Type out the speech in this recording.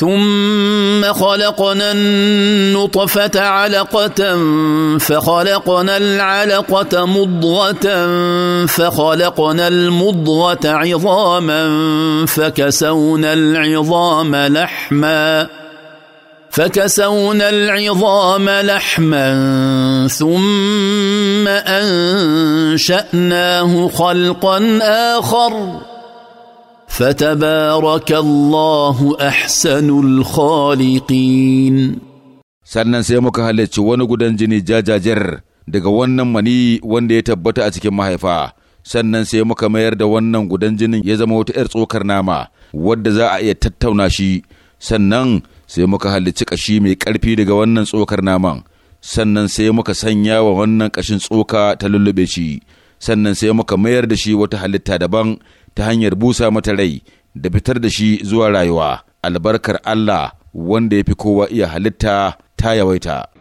ثم خلقنا النطفه علقه فخلقنا العلقه مضغه فخلقنا المضغه عظاما فكسونا العظام لحما فكسونا العظام لحما ثم انشاناه خلقا اخر فتبارك الله أحسن الخالقين sannan sai muka halarci wani gudan jini jajajar daga wannan mani wanda ya tabbata a cikin mahaifa sannan sai muka mayar da wannan gudan jinin ya zama wata 'yar tsokar nama wadda za a iya tattauna shi sannan sai muka halicci ƙashi mai ƙarfi daga wannan tsokar naman sannan sai muka sanya wa wannan ƙashin tsoka ta lullube shi sannan sai muka mayar da shi wata halitta daban ta hanyar busa mata rai da fitar da shi zuwa rayuwa albarkar Allah wanda ya fi kowa iya halitta ta yawaita.